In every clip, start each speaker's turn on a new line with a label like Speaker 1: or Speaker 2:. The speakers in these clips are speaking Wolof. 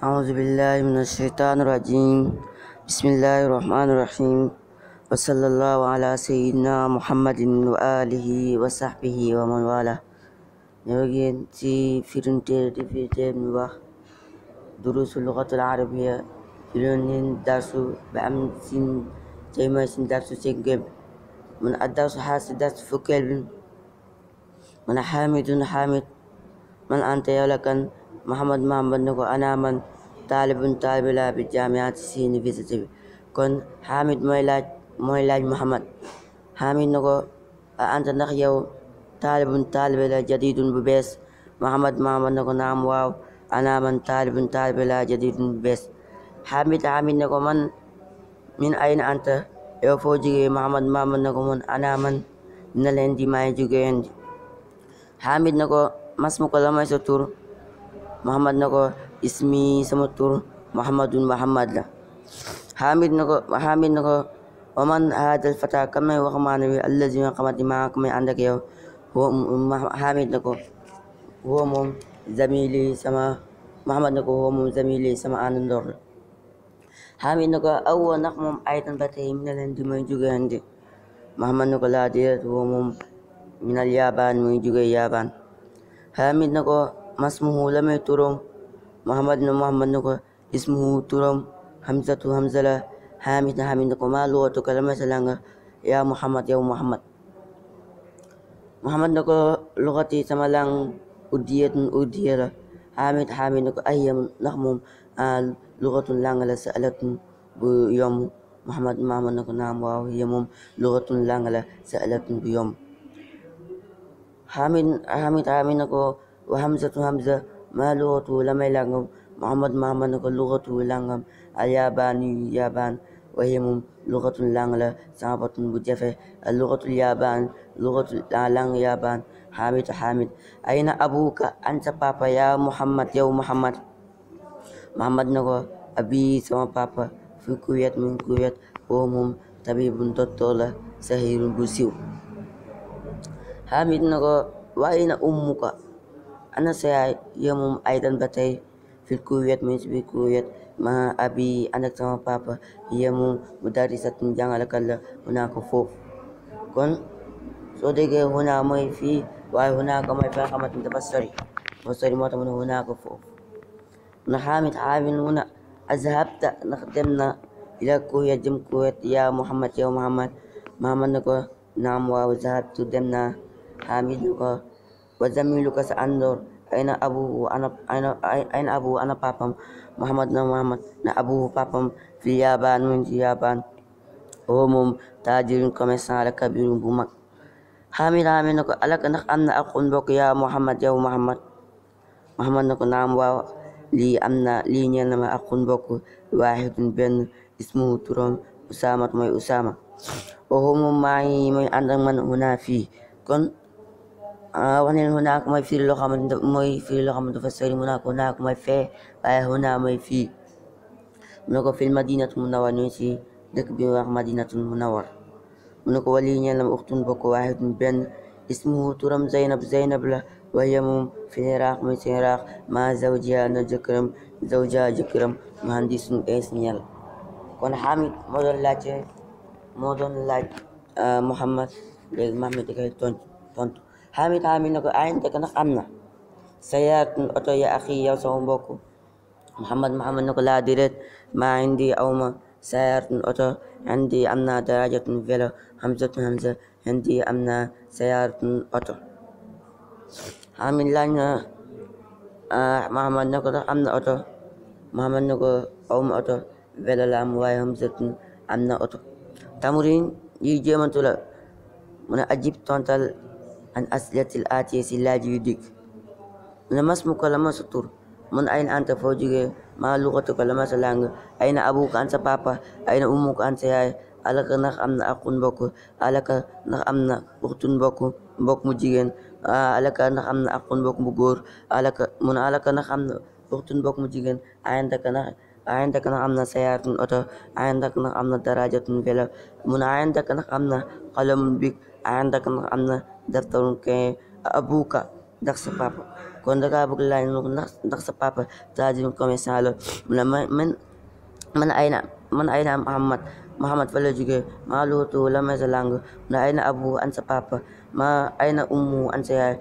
Speaker 1: أعوذ بالله من الشيطان الرجيم بسم الله الرحمن الرحيم وصلى الله على سيدنا محمد وآله وصحبه ومن والاه ñoo ngeen ci firinteer di firinteer mi wax durusu lugatul arabiya ci loon nin darsu ba am sin tey mooy sin darsu cinquième mun a darsu xaar si darsu fukkeel bi mun a xaamidun xaamid man anta yow la kan Mouhamed Mahamad ne ko ana man taalibun taalibi laa bi jaamiat si université bi kon Hamid mooy laaj mooy laaj Mouhamed Hamid ne ko anta ndax yow taalibun taalibi la jadidun bu bees Mouhamed Mahamad ne ko naam waaw ana man taalibun taalibi laa jadidun bu bees Hamid Hamid ne ko man min ayna anta yow foo jógee Mouhamed Mahamad ne ko man ana man na leen di may jógee Hamid ne ko mas mu ko la may sa tur Mohammadnagar इसमी समतुर मोहम्मद मोहम्मद हामिद नगर हामिद नगर ومن هذا الفتى كما هو معنوي الذي قامت معكم عندك هو حامد نكو هو مم زميلي سما محمد نكو هو مم زميلي سما أندور حامد نكو أول نقم أيضا بتي من الهند من جوجند محمد نكو لا ديت هو مم من اليابان من جوجي اليابان حامد نكو مسمه لم ترم محمد محمد کو اسمه ترم حمزة حمزلة حامد حامد کو ما لغتك لم سلانگ يا محمد يا محمد محمد کو لغتي سملانگ أدية أدية حامد حامد ko أيام نخمم آل لغة لانگ لسألت بيوم محمد محمد ko نام واو هي مم لغة لانگ لسألت بيوم حامد حامد حامد کو وهمزة همزة ما لغته lamay làngam Muhammad Muhammad naka lugatu làngam alyabaani yabaan waaye moom lugatu làng la sàmbatun bu jafe lugatu yabaan lugatu làng yabaan Hamid Hamid ayna abuka an sa papa ya Muhammad yow Muhammad Muhammad naka abi sama papa fi Kuwait min Kuwait woo moom tabibun docteur la sahirun bu siiw Hamid naka wa ayna ummuka أنا سأقيم أيضا باتي في الكويت من الكويت مع أبي أنا sama papa yemu mudarrisat jàngalekat la هناك foofu kon soo déggee هنا mooy fii waaye هناك mooy fa xamante ni dafa sori dafa sori moo tax mu ne هناك foofu na xaamit xaamit هنا azhabta ndax dem na ila kuwet jëm kuwet yaa Muhammad yow Muhammad Muhammad ne ko naam waaw azhabtu dem na xaamit ne ko وزميلك سأنظر أين أبوه وأنا أين أين أبوه وأنا بابام محمد نا محمد نا أبوه بابام في اليابان من اليابان هو moom taajirin commerçant la kabiru bu mag xaamil xaamil na ko alaka am na ak mbokk yaa Muhammad yow Muhammad na ko nam waaw lii am na lii ñeel na ma ak mbokk waahidun benn ismuhu turam Usaama mooy Usaama o moom maa ngi mooy ànd man hunaa Ah, waneen huna ko mooy firi loo xamante mooy firi loo xamante dafa sori mu naa ko naa ko mooy fee waaye huna mooy fii mu ne ko fil madinatu munawwar ñu ci dëkk bi wax madinatul munawwar mu ne ko wali ñeen lam uxtun bokk waahidun benn ismuhu turam zaynab zaynab la wa hiya moom fil iraq muy ci iraq ma zawjiha na jëkkëram zawjiha jëkkëram muhandisun ingénieur kon Hamid moo doon laaj moo doon laaj ah, Muhammad léegi Muhammad da koy tontu tontu xaamit xaamit na ko ayin tekk ndax am na sayaatun oto ya axi yow sama mbokk muhammad muhammad ne ko laa déedéet maa indi awma sayaatun oto indi am na darajatun velo hamzatun hamza indi am na sayaatun oto xaamit laaj na ah, muhammad ko ndax na oto muhammad ne ko awma oto velo la am am na oto an asilatil aatiye si laaj yu dikk mu ne masmuka la ma sa tur mun ayna anta foo jóge maa ma sa làng ayna abuka an sa papa ayna ummuka an sa yaay alaka am na akun mbokk alaka ndax am na uxtun mbokk mu jigéen alaka ndax am na akun mbokk mu góor alaka mun alaka ndax am na uxtun mbokk mu jigéen ayantaka ndax ayantaka ndax am na sayaatun oto ayantaka ndax am na darajatun velo mun ayantaka ndax am na qalamun bik ayantaka ndax am na daftaru kay abuka ndax sa papa kon da ngaa bëgg laaj ndax sa papa taajir commerçant la mu ne man man ayna man ayna Muhammad Muhammad fa la jóge maa lootu la may sa lang mu ne ayna abu an sa papa ma ayna ummu an sa yaay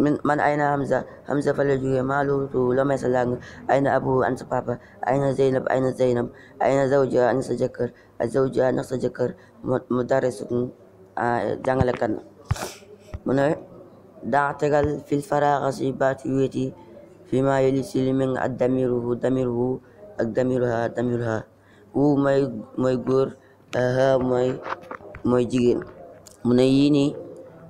Speaker 1: man ayna Hamza Hamza fa la jóge maa lootu la may sa lang ayna abu an sa papa ayna Zaynab ayna Zaynab ayna zawja an sa jëkkër a zawja an sa jëkkër mu dare su ah, jàngalekat mu ne daa tegal fil faraaga si baatu wéeti fi ma yeli si li meng ak damiruhu damiruhu ak damiruha damiruha hu mooy mooy góor ha mooy mooy jigéen mu ne yii nii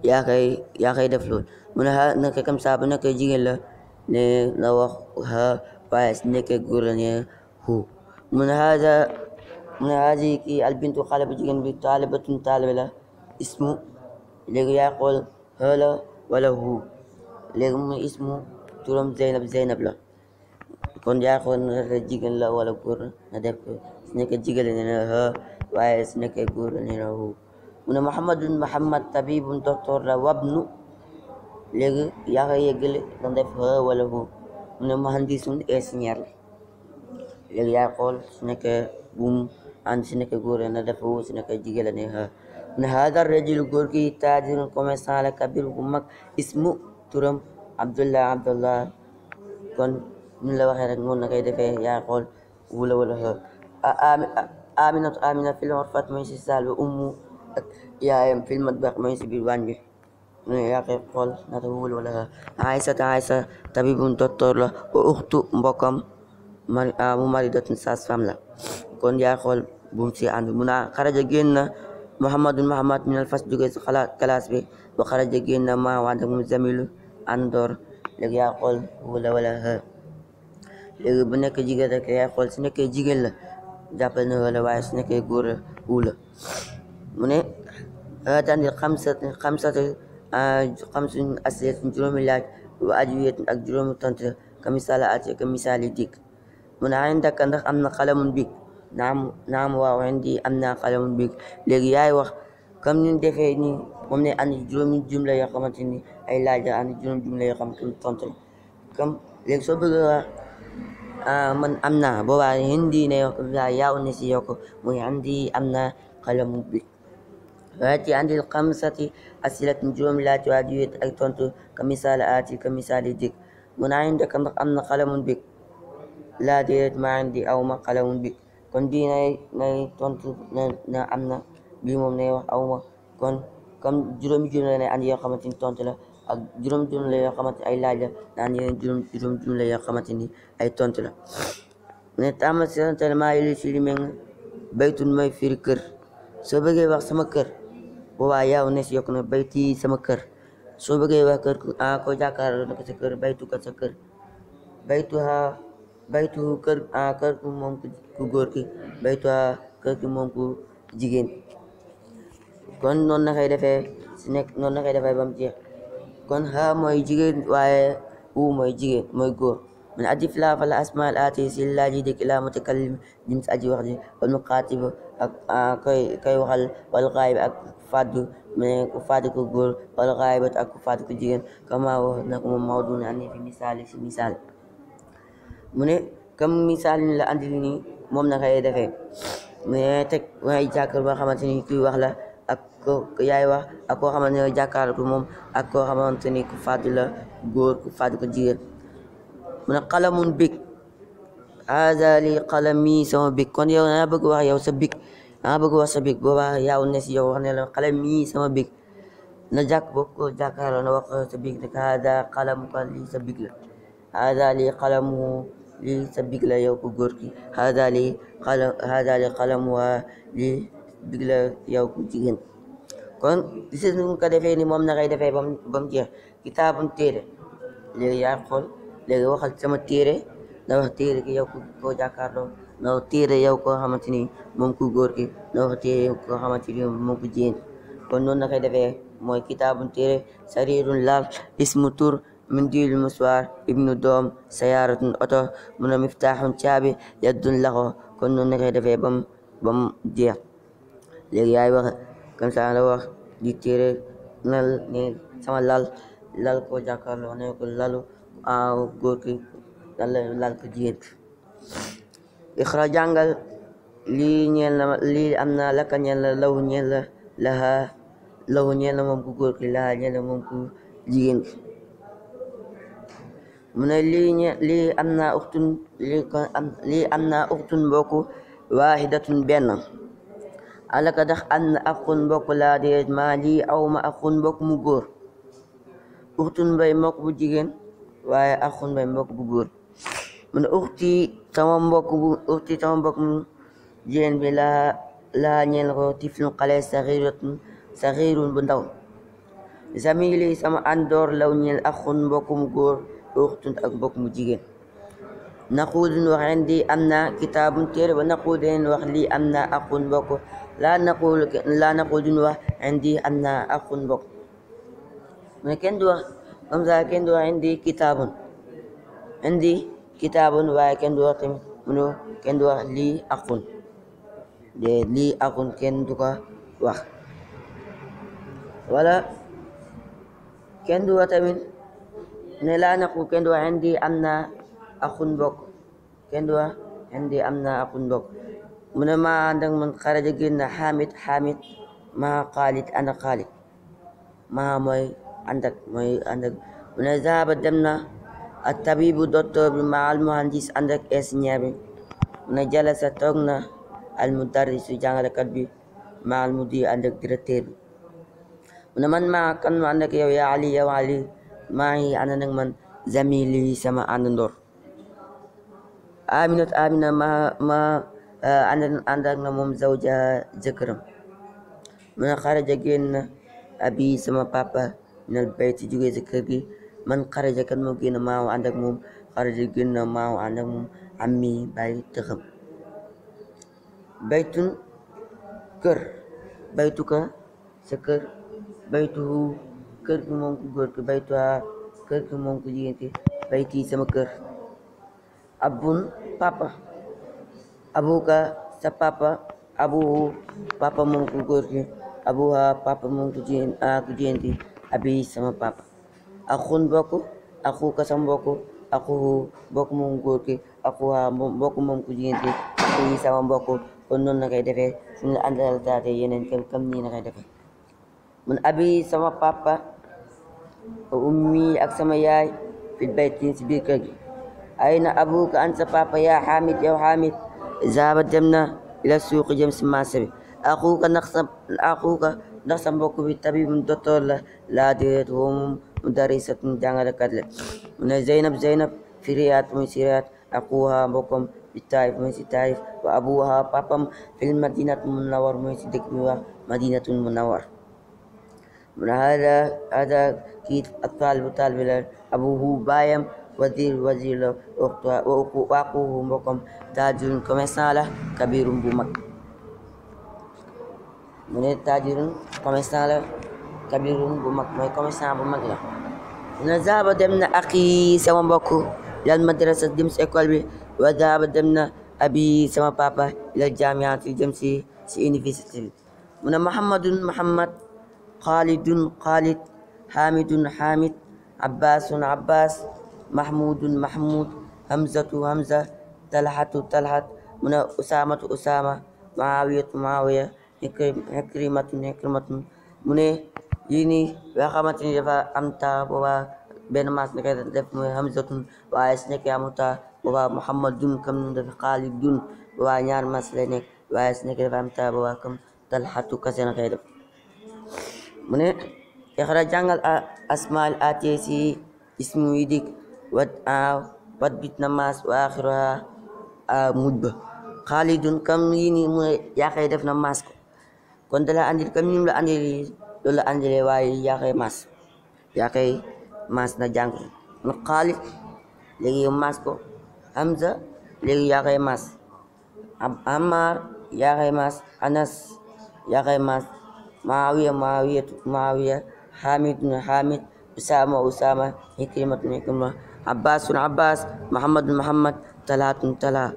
Speaker 1: yaa koy yaa koy def lool mu ne ha nekke comme ça bu nekkee jigéen la ne na wax ha waaye si nekkee góor la ne hu mu ne haaja mu ne haaji kii albintu xale bu jigéen bi taalibatun taalibe la ismu léegi yaa xool xoola wala hu léegi mu ismu turam Zeynab Zeynab la kon jaaxoon na jigéen la wala góor na def su nekkee jigéen la nee na ha waaye su nekkee góor la nee na hu mu ne Muhammadun Muhammad tabibun docteur la wabnu léegi yaa ngi na def ha wala hu mu ne muhandisun ingénieur la léegi yaa xool su nekkee bum and su nekkee góor na def hu su nekkee jigéen la nee من هذا الرجل غوركي تاجر كما سال كبير غمك اسمه turam abdullah abdullah kon ñu la waxee rek noonu la koy defee yaa xool wula wala xool aminatu amina fil xurfat mooy si saal bi ummu ak yaayam fil matbax mooy si biir waañ bi ñu yaa koy xool nata wula wala xool aïsa ta aïsa tabibun docteur la wa uxtu mbokkam mu maridatun sage-femme la kon yaa xool bu mu si ànd bi mu naa xaraja génn na Muhammadun Muhammad minal fas jóge si classe bi ba xaraja génn na ma wante mu zamilu andoor léegi yaa xool wala wala léegi bu nekkee jigéen rek yaa xool si nekkee jigéen la jàppal na wala waaye su nekkee góor la mu ne tandi xamsat xamsat ah, xamsun asiyatin juróomi laaj wa ka misaal ati ka misaali dikk mu ne ay ndaka am na xalamun bik naam naam waaw indi am naa xalamun biig léegi yaay wax comme ñun defee ni moom ne andi juróomi jumla yoo ni ay laaj la andi juróomi jumla yoo xamante ni tontu comme léegi soo bëgg ah, man am naa boobaa hindi ne yaaw ne si yokk muy andi am waa ju ak tontu ka misaal aati misaal dik kam na xalamun biig laa déet maa indi aw ma xalamun biig kon bii nay nay tontu na am na bii moom nay wax awma kon comme juróomi jumla nay ànd yoo xamante ni tontu la ak juróom jumla yoo xamante ay laaj la na ànd yeneen juróom yoo xamante ni ay tontu la ne taamal seetantal maa yi li si li meng mooy firi kër soo bëggee wax sama kër boobaa yaaw ne si yokk na bayti sama kër soo bëggee wax kër a ah, ko jàkkaarloo na ko kër baytu ka sa kër baytu ha baytuhu kër ah, kër ku moom ku góor ah, jigéen kon noonu na koy defee si nekk noonu na defe defee ba mu jeex kon ha mooy jigéen waaye u mooy jigéen mooy góor min adif la fala asmaal aati si laaji dëkk la mutakallim nim si aji wax wal muqaatib ak ah, koy koy waxal wal gaayib ak faddu ma ku faddu ko góor wal gaayibat ak ku faddu ko jigéen kama wax na ko moom mawdu na fi misaal si misaal mu ne comme misaal la andi nii moom na kay defee mu ne teg waaye jàkkaar boo xamante ni kuy wax la ak ko yaay wax ak koo xamante ne moom ak koo xamante ni ku fàddu la góor ku fàddu jigéen mu ne xalamun big haada li xalami sama big kon yow naa bëgg wax yow sa big naa bëgg wax sa big boobaa yaaw ne si yow wax ne la xalami sama big na jàkk bokk jàkkaar na wax sa big ne haada xalamu kan lii sa big la haada li xalamu lii sa big la yow ku góor ki hada li qalam hada li qalam waa lii big la yow ku jigéen kon gis nga ko defee ni moom na ngay defee bam bamu jeex kitaabam téere léegi yaa xool léegi waxal sama téere na wax téere ki yow ku koo jàkkaarloo na wax téere yow koo xamante ni moom ku góor ki na wax téere yow koo xamante ni moom ku jigéen kon noonu na koy defee mooy kitaabam téere sarirun laal ismu tur mindil muswaar ibnu doom sayaaratun oto mu ne miftaaxun caabi yaddun laxo kon noonu la koy defee bam bam jeex léegi yaay wax comme ça la wax di téere nal ne sama lal lal ko jàkkaarloo ne ko lalu aw góor ki lal ko jigéen iqra jàngal lii ñeel na lii am na laka ñeel la law ñeel la laha law ñeel la moom ku góor ki laha ñeel la moom ku jigéen ki mu ne lii am naa uxtun lii am lii am naa benn alaka dax am na axun mbokku laa déet maa lii aw ma axun mbokk mu góor uxtun mbay mbokk jigéen waaye axun mbay mbokk bu góor mu ne uxti sama mbokk bu uxti jigéen bi laa laa ñeel ko tiflun xale bu ndaw zamili sama àndoor law ñeel axun mbokk góor uxtun ak bokk mu jigéen naquudun am na kitaabun téere wax lii am na aqun mbokk laa naquul laa naquudun wax indi am na aqun mbokk mais kenn du wax comme ça kenn du wax indi kitaabun kenn du wax tamit mu ne kenn du wax wax wala kenn du wax tamit ne laa am na axun bokk kenn du wax indi am na mu ne maa ànd ak man xaraja génn na xaamit xaamit maa xaalit ànd ak xaalit maa mooy ànd ak mooy ànd ak mu ne zahaba bi maa al muhandis ànd ak ingénieur jalasa toog na al mudarrisu jàngalekat bi maa al mu ne man maa kan ma ànd ak yow yaa ali yow ali maa ngi ànd nag man zamili sama àndandoor aminat amina ma ma euh, ànd ànd zawja jëkkëram mu ne xaraja abi sama papa minal bayti jógee ci kër gi man xaraja kan moo génn maaw ànd ak moom xaraja génn na maaw ànd ammi bay tëxam baytun kër baytuka sa kër kër gi moom ku góor ki baytuha kër gi moom ku jigéen ki bayti sama kër abun papa abuka sa papa abuhu papa moom ku góor ki abuha papa moom ku jigéen ah, ku jigéen ki abi sama papa axun bokk axuka sama bokk axuhu bokk moom ku góor ki axuha bokk moom ku jigéen ki yi sama mbokk kon noonu na koy defee suñu àndal taate yeneen kam kam nii na koy defee mun abi sama papa wa ummi ak sama yaay fil bayti ci biir kër gi ayna abuka an sa papa yaa xaamid yow xaamid zaaba dem na ila suuqi jëm si marché bi axuuka ndax sa axuuka ndax sa mbokk bi tabibun docteur la laa déet woo moom mudarisatun jàngalekat la mu ne Zeynab Zeynab fi Riyaad muy si Riyaad axuuha mbokkam fi Taayif muy si Taayif wa abuha papam fil madinat munawar muy si dëkk bi wax madinatul munawar هذا هذا كيت الطالب طالب أبوه بايم وزير وزير له أخته وأخوه مقام تاجر كمسالة mu ne taajirum commerçant la bu mag mooy commerçant bu mag la na zaaba dem na aki sama mbokk ilal madrasa dem si bi wa zaaba dem na abi sama papa ilal jaamiati dem si si université bi mu ne Muhammadun Muhammad xaalidun xaalid xaamidun xaamid abbaasun abbaas mahmudun mahmud hamzatu hamza talhatu talhat mu ne usaamatu usaama maawiyatu maawiya xikrimatun xikrimatun mu ne yii nii am taa def mooy hamzatun waaye su nekkee amu taa boobaa muhammadun kam nu dafa xaalidun boobaa ñaar maas lay waaye su nekkee dafa am mu ne ixra jàngal asmaal ateesi ismu yi wat bit na mas wa axiruha mujj ba xaalidun kam yi ni mu ne def na maas ko kon dala andil kam nim la andil loolu la waaye yaaxee maas yaaxee maas na jàng mu xaalid léegi maas ko hamza léegi yaaxee maas amaar yaaxee maas anas yaaxee maas معاوية معاوية معاوية حامد حامد أسامة أسامة هكرمة هكرمة عباس عباس محمد محمد طلحة طلحة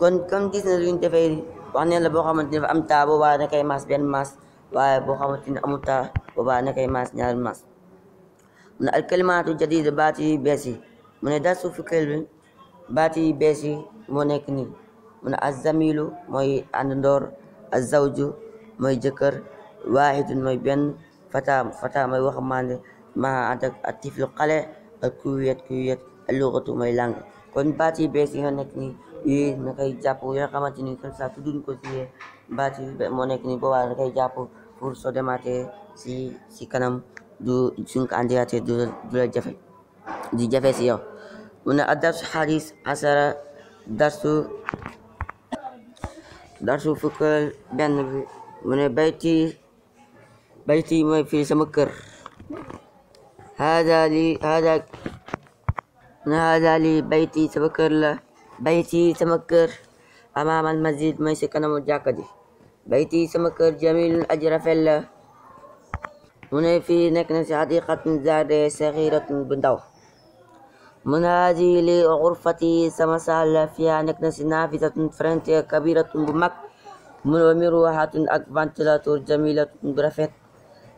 Speaker 1: kon comme gis na luñ defee wax ne la boo xamante ne am taa boobaa na kay maas benn maas waaye boo xamante ne amul taa boobaa na kay maas ñaari maas mu ne alkalimaatu jadida baat yi bees yi mu ne darsu fukkeel bi baat yi bees yi moo nekk nii mu ne azamilu mooy àndandoor azawju mooy jëkkër waaxidun mooy benn fataa fataa mooy waxambaane ma ànd ak tiflu xale ak kuwiyat kuwiyat luxatu mooy lang kon baat yi bees yi nga ni yooyu na koy jàpp yoo xamante ni comme du tudduñ ko ci baat yi moo nekk ni boobaa na koy jàpp pour soo demaatee si si kanam du suñ ko andiwaatee du la jafe du jafe si yow mu ne asara darsu darsu benn bi mu ne bayti bayti mooy fii sama kër hada li hada hada li bayti sama kër la sama kër amaam al masjid mooy si kanamu jàkka ji bayti sama kër jamilun aji rafet la mu ne fii nekk na si xadiqatun zaade bu ndaw mun hadi li xurfati sama saal la fiya nekk na si bu mag mun wa miruwaxatun ak ventilateur jamilatun bu rafet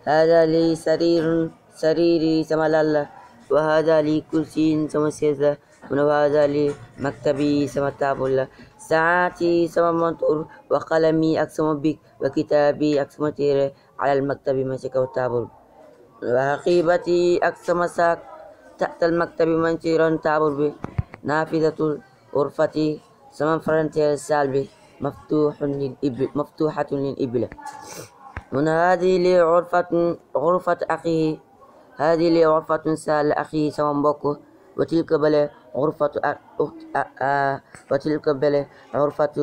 Speaker 1: هذا لي سرير سريري سملل وهذا لي كرسي سمسيزة وهذا لي مكتبي سمتابل ساعتي سممنطر وقلمي أقسم بك وكتابي أقسم تير على المكتب مسك وتابل وحقيبتي أقسم ساك تحت المكتب منشير تابل بي نافذة الغرفة سمن فرنتير سالبي مفتوح للإبل مفتوحة للإبل من هذه لي غرفة غرفة أخيه هذه لي غرفة سال أخي sama mbokk وتلك بلي غرفة أخت وتلك بلي غرفة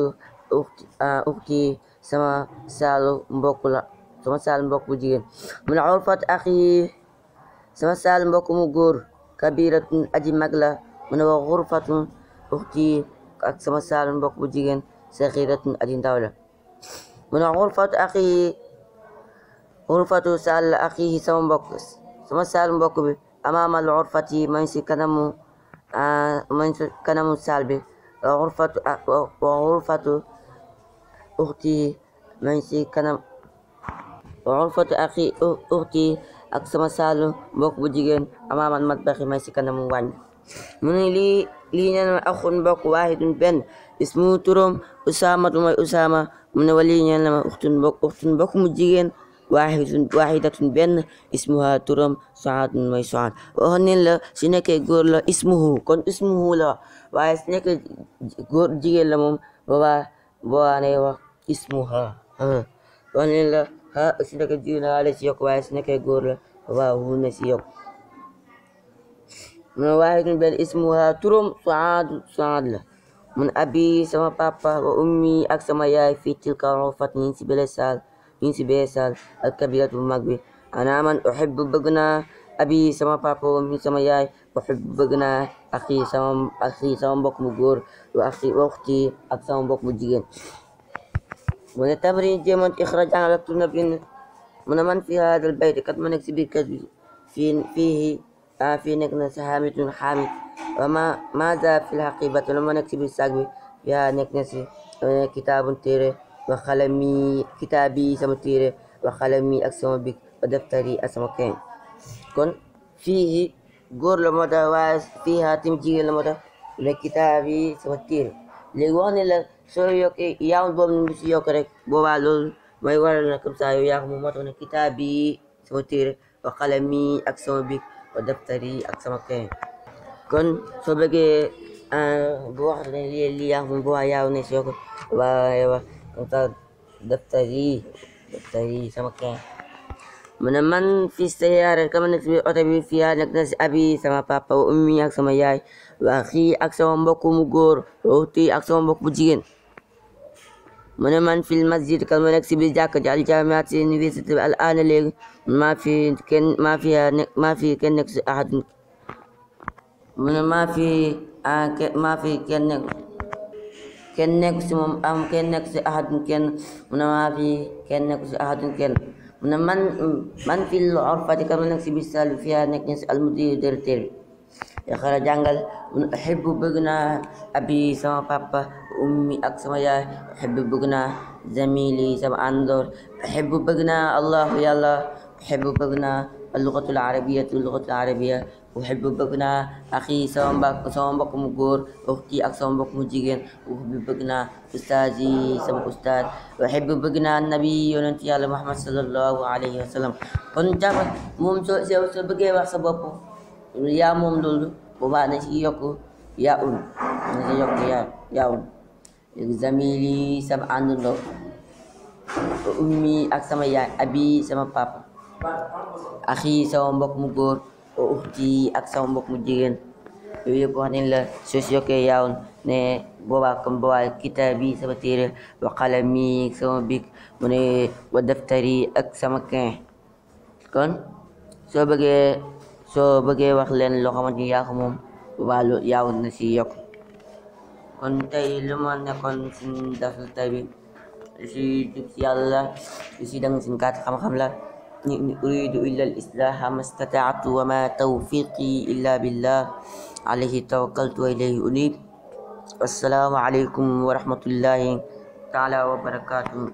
Speaker 1: أختي sama saal mbokk la sama saal mbokk bu jigéen من غرفة أخي sama saal mbokk mu góor kabiratun aji mag la من غرفة أختي ak sama saal mbokk bu jigéen saxiratun aji ndaw la من غرفة أخي xurfatu sal axihi sama mbokk sama sal mbokk bi amaamal xurfati man si kanamu ah, man si kanamu sal bi ah, wa xurfatu wa xurfatu uxti man si kanam wa xurfatu axi uxti ak sama saalu mbokk bu jigéen amaamal matbaxi man si kanamu wàññ mu ne lii lii ñeen ma axun mbokk waahidun benn ismu turam usaama tu may usaama mu ne wa lii ñeen ma uxtun mbokk uxtun mbokk mu jigéen waaxidun waaxidatun benn ismuha turam saadun may saad waxoon su nekkee góor la ismuhu kon su nekkee góor jigéen la moom boobaa boobaa ne su nekkee la ci yokk waaye su nekkee góor la boobaa hu na ci yokk mun waaxidun la sama papa wa ummi ak sama yaay fii tilka rofatin ci bele saal 21 saal alkabiratu bu mag bi ana man uhibbu bëgg naa abi sama papa mi sama yaay uhibbu bëgg naa axi sama axi sama mbokk mu góor wa axi waxti ak sama mbokk mu jigéen mu ne tamrin jéemoon ixraj an laktu na bind mu ne man fi hada al bayt kat ma nekk si biir kër bi fii fii ah fii nekk na si xaamitun xaamit wa ma maza fi lxaqibat la ma nekk si biir saag bi yaa nekk na si eh, kitaabun téere wa xalami kitaabi sama téere wa xalami ak sama bik wa daftari ak sama kañ kon fii góor la moo tax waaye fii tim jigéen la moo tax ne kitaabi sama téere léegi wax ne la soo yokkee yaaw boobu ak sama bik kon soo bëggee bu wax ne lii yaa ko moom boobaa yaaw ne si yokk waaye وتعد دفتري دفتري سمكة من من في السيارة كما نكتب أتبي فيها نكنس أبي سما بابا وأمي أك سما ياي وأخي أك سما مبكو مغور وأختي أك سما مبكو جين من من في المسجد كما نكتب الجاكة على الجامعة اليونيفرسيتي الآن اللي ما في كن ما فيها ما في كنك أحد من ما في ما في كنك kenn nekku si moom am kenn nekku si ahadun kenn mu ne maa fi kenn nekku si ahadun kenn mu ne man man fi l orfati kama nekk si biir saal bi fiyaa nekk ñi si almudiru directeur bi xara jàngal mun uhibbu bëgg naa abi sama papa ummi ak sama yaay uhibbu bëgg naa zamili sama àndoor uhibbu bëgg naa allahu yàlla uhibbu bëgg naa al lugatul arabiya al lugatul arabiya uhibbu bëgg naa axi sama mbokk sama mbokk mu góor uxti ak sama mbokk mu jigéen uhibbu bëgg naa ustaaz yi sama ustaaz uhibbu bëgg naa nabi yonent yàlla Muhammad sallallahu alayhi wa sallam kon jàppal moom soo soo soo bëggee wax sa bopp yaa moom loolu boobaa na ci yokk yaa un um, na ci yokk yaa yaa un um. zamili sama àndandoo ummi ak sama yaay abi sama papa axi sama mbokk mu góor ci ak sama mbokk mu jigéen yooyu yëpp wax nañ la soo si yokkee yaawoon ne boobaa comme boobaa kitaabi sama téere wa qalami sama bic mu ne wa daftari ak sama kin kon soo bëggee soo bëggee wax leen loo xamante ni yaa ko moom boobaa lu yaawoon na si yokk kon tey lu ma nekkoon suñ dasul tey bi si jub si yàlla si dang suñ kaat xam-xam la إن أريد إلا الإصلاح ما استطعت وما توفيقي إلا بالله عليه توكلت وإليه أنيب السلام عليكم ورحمة الله تعالى وبركاته